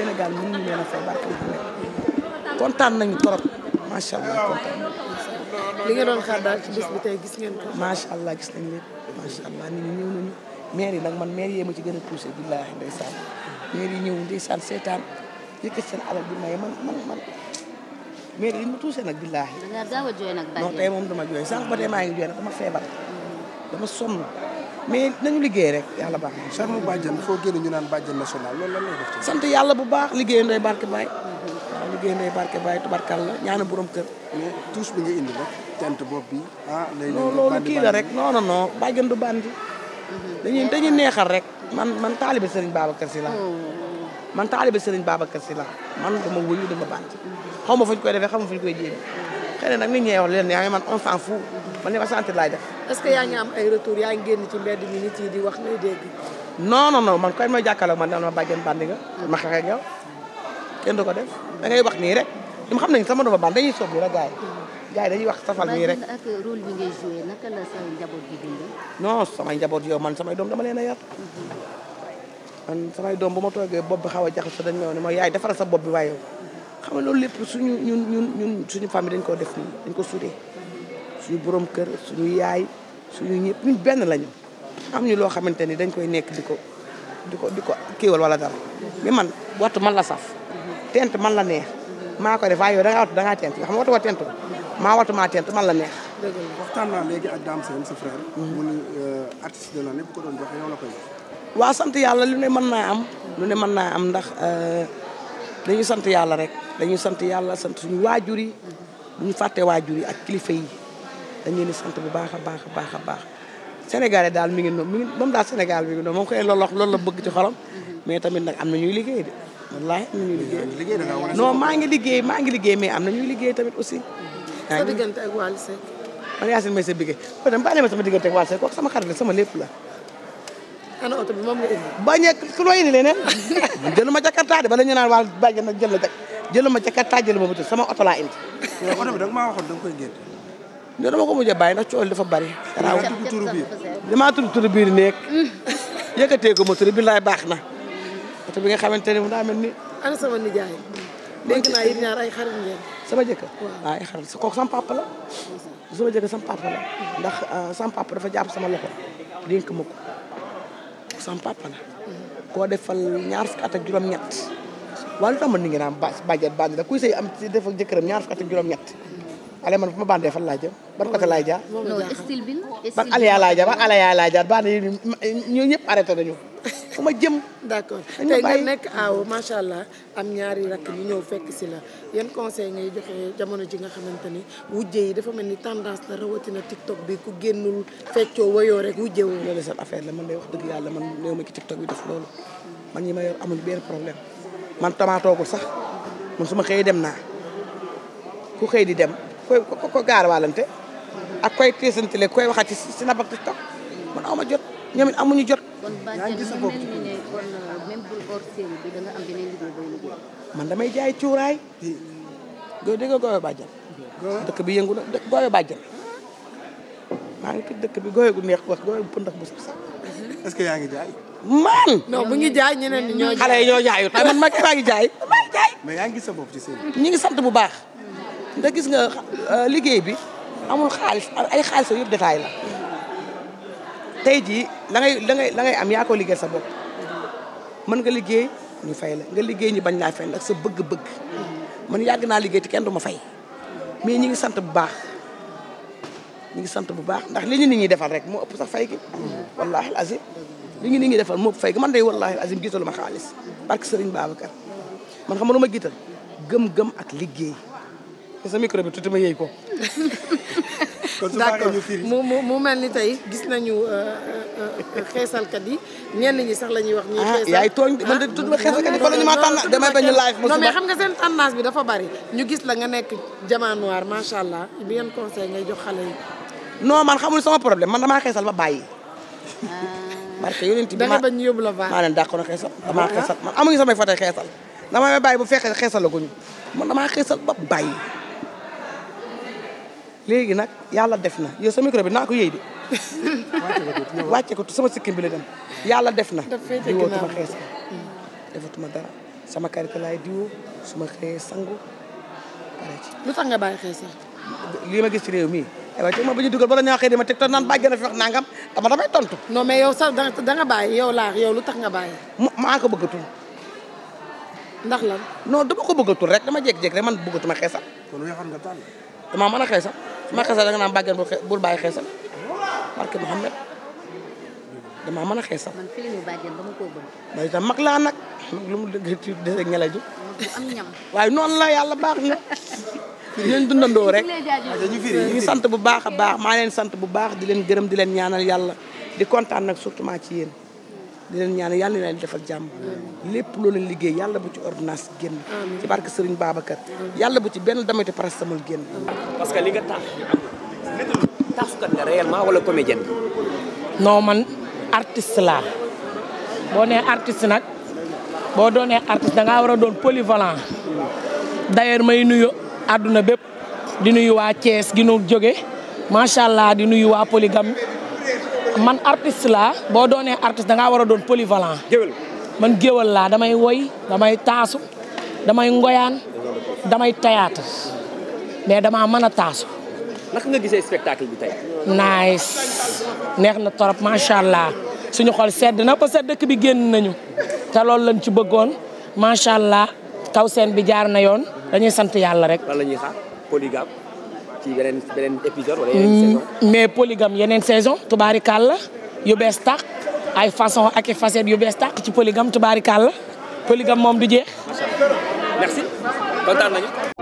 Sénégal mën ñu leen a fay barke Mouhamed kontaan nañu trop macha allah kontaan li nga doon xaar daal ci bés bi tey gis ngeen ko. macha allah gis nañ lépp macha allah nit ñi ñëw nañu maire yi nag man maire yee ma ci gën a poussé billaahi ndeysaan maire yi ñëw ndeysaan seetaan yëkkat seen alal bi maye man man man maire yi mu touché nag billaahi. da ngaa gaaw a jooy nag. non tey moom dama jooy sànq ba tey maa ngi jooy nag dama feebar mm-hmm. dama sonn. mais nañu liggéey rek yàlla baax na. Charmou Badiane foo génn ñu naan Badiane national loolu lan lay def. sant yàlla bu baax liggéey nday barke baay. waaw liggéey nday barke baay tubarkal la ñaana borom kër. mais tous bi indi rek tent bopp bi ah. lay non loolu kii la rek non non non Badiane du bandi. Mhm. dañuy dañuy neexal rek. man man taalibe Serigne Babacar Sy laa oh. man taalibe Serigne Babacar Sy laa man dama wëyu dama bandi. xaw ma fu ñu koy defee xaw ma fu koy jéem. xëy na nag nit ñi wax leen yaa ngi man on s'en fout man li ma sentir laay def. est-ce que yaa ngi am ay retour yaa ngi génn ci mbedd mi nit yi di wax ngay dégg. non non non man koy ma jàkkaarloog man daan ma bàjjen bandi nga. ma xeex ak yow kenn du ko def da ngay wax nii rek li xam nañ sama doomu band dañuy soob la gars yi. gars yi dañuy wax safal nii rek ak rôle bi ngay joué naka la sa njaboot bi dundee. non samay njaboot yow man samay doom dama leen a yar. man samay doom bu ma toogee bopp bi xaw a jaxasoo dañ ma ne ma yaay defaral sa bopp bi waaye yow xam nga loolu lépp suñu ñun ñun suñu famille dañ koo def nii dañ ko sudee suñu borom kër suñu yaay suñu ñëpp ñun benn lañu am ñu loo xamante ni dañ koy nekk di ko di ko di ko kiiwal wala dara mais man wattu man la saf tent man la neex maa ko def waaye yow da ngaa wattu da ngaa tent yoo man la neex waxtaan naa léegi ak Dame Sène sa frère mhm. mu ni euh, artiste yàlla lu ne mën naa am lu ne mën naa am ndax euh, dañu sant yàlla rek dañuy sant yàlla sant suñu waajur yi bu ñu fàtte waajur yi ak kilifa yi dañ leen di sant bu baax a baax a baax a baax sénégalais daal mi ngi noonu mi ngi moom daal sénégal mi ngi noonu moom koy loolu loolu la bëgg ci xolam mais tamit nag am na ñuy liggéey de wallaahi am na ñuy liggéey non maa ngi liggéey maa ngi liggéey mais am na ñuy liggéey tamit aussi sa diggante ak Wally Seck man Yacine Mbaye sa bigé ba dem bàyyi ma sama diggante ak Wally Seck kooku sama xarit la sama lépp la ana oto bi moom nga indi bañ a ku loo indi leneen jëlu ma jakartaa na jël la jëlal ma ca kattan jëlal ma ba sama oto laa indi. oto da nga maa waxoon ko mujj a bàyyi ndax coono dafa bari. dara wu dugg turu biir damaa turu turu biir nekk. yëkkatee ko ma turu bi laay baax na. oto bi nga xamante ne daa mel ni. ana sama nijaay. dégg naa yéen ñaar sama jëkkër waaw ah, ay xarit kooku sama papa la. sama jëkkër sama papa ndax ah, sama papa dafa jàpp sama loxo dénk ma ko. sama mm-hmm. koo defal ñaar fukki at juróom-ñett. waaye lu tax man ni ngeen am bàjjet bàjjet la kuy sëy am ci def jëkkëram ñaar fukk ak juróom-ñett ale man fu ma bandee fan laa jëm ban côté laay jaar ban aliya laay jaar ban aliya laay jaar bande ñu ñëpp arrêté nañu fu ma jëm d'accord tey nekk aaw macha allah am ñaari rakk ñu ñëw fekk si la yan conseil ngay joxe jamono ji nga xamante ni wujje yi dafa mel ni tendance la rawatina tiktok bi ku génnul feccoo wayoo rek wujje wu loolu seen affaire la man day wax dëgg yàlla man néew ma ci tiktok bi def man tamaatoogul sax man su ma xëyee dem naa ku xëy di dem koy ko gaar waalante ak koy teesantale koy waxaat ci si nabak TikTok man aw ma jot ñoom amuñu jot. sa bopp euh, man damay jaay cuuraay. go dégg nga Goyo dëkk bi yëngu na Goyo Badiane maa ngi tudd dëkk bi Goyo gu neex wax Goyo bu pëndax bu sax. est que yaa ngi jaay. man. non bu ngi jaay ñeneen ñi ñoo jaay xale yi ñoo jaayut man ma maa ngi jaay. maa ngi yaa ngi gis sa bopp ci seen ñi ngi sant bu baax. te gis nga euh, liggéey bi amul xaalis ay xaalis yëpp détail la. tey ji la ngay la am yaa ko liggéey sa bopp mën nga liggéey ñu fay la nga liggéey ñi bañ laa fay la ak sa bëgg-bëgg man yàgg naa liggéey te kenn du ma fay mais ñi ngi sant bu baax. ñu ngi sant bu baax ndax li ñu nit ñi defal rek moo ëpp sax fay gi wallahi al azim li ñu nit ñi defal moo ëpp fay day wallahi al azim jiitalu ma xaalis barke Sëriñ Babacar man xam nga lu ma jiital gëm-gëm ak liggéey sa micro bi tuuti ma yëy ko d'accord mu mu mu mel ni tey gis nañu euh, euh, euh, xeesalkat yi ñenn ñu sax la ñuy wax. ñuy ah, xeesal yaay tooñ man de ah, tudd ma xeesalkat yi fa la ñu ma tànn damay bañu live. non mais xam nga seen tendance bi dafa bari. ñu gis la nga nekk jamaa noir macha allah bi ngeen conseil ngay jox xale yi. non man xamul sama problème man damaa xeesal ba bàyyi. barke ah. yonent bi da nga bañ ñu yóbbu la vaar maa leen dàqoon na xeesal. Ah damaa xeesal man amuñu fa tey xeesal. damaa bàyyi bu fekkee xeesal la ñu man damaa xeesal ba bàyyi. léegi nag yàlla def na yow sa micro bi naa ko yëy de. ko sama sikkim bi la dem. yàlla def na diwoo tuma xeesal. defatuma dara sama karité laay diwoo su ma xëyee sangu lu tax nga bàyyi ma gis ci réew mi. aywa teg ma ba ñu dugal bala ñaa xëy di ma teg te naan bàyyi gën a fi wax nangam dama damay tontu. non mais yow sax da nga bàyyi yow laax yow lu tax nga bàyyi. maa ko bëggatul. ndax lan. non dama ko bëggatul rek dama jékki-jékki rek man bëggatuma xeesal. kon yoo xam nga tànn. damaa mën a xeesal su ma xeesal da nga naan bàyyi gën bul bàyyi xeesal barke Mouhamed damaa mën a xeesal. man fii nii bàjjen dama koo bëgg. waaye itam mag laa nag mag lu mu dëgg ci des ak ña lay jóg. am ñam waaye noonu la yàlla baax na leen dundandoo rek ñu ngi sant bu baax a baax maa leen sant bu baax di leen gërëm di leen ñaanal yàlla di kontaan nag surtout ci yéen di leen ñaanal yàlla na leen defal jàmm lépp loo leen liggéey yàlla bu ci ordonnance génn ci barke Serigne Babacar yàlla bu ci benn damati paracétamol génn parce que li nga tax taasukat nga réellement wala comédien non man artiste laa boo nee artiste nag boo doonee artiste da ngaa war a doon polyvalent d'ailleurs may nuyu àdduna bépp di nuyu waa Thiès gi nu jóge macha allah di nuyu waa polygame man artiste laa boo doonee artiste da ngaa war a doon polyvalent. man géwal laa damay woy damay taasu damay ngoyaan damay théâtre mais dama mën a taasu. naka nga gisee spectacle bi tey. neex na trop macha allah suñu xol sedd na parce que dëkk bi génn nañu te loolu lañ ci bëggoon macha allah kaw seen bi jaar na yoon. dañuy sant yàlla rek. lan ñuy xaar polygame ci beneen beneen épisode yeneen mm, saison. mais polygame yeneen saison tubaarikàlla yu bees tàq ay façon ak i facettes yu bees tàq ci polygame tubaarikàlla polygame moom du jeex. macha allah merci kontaan nañu.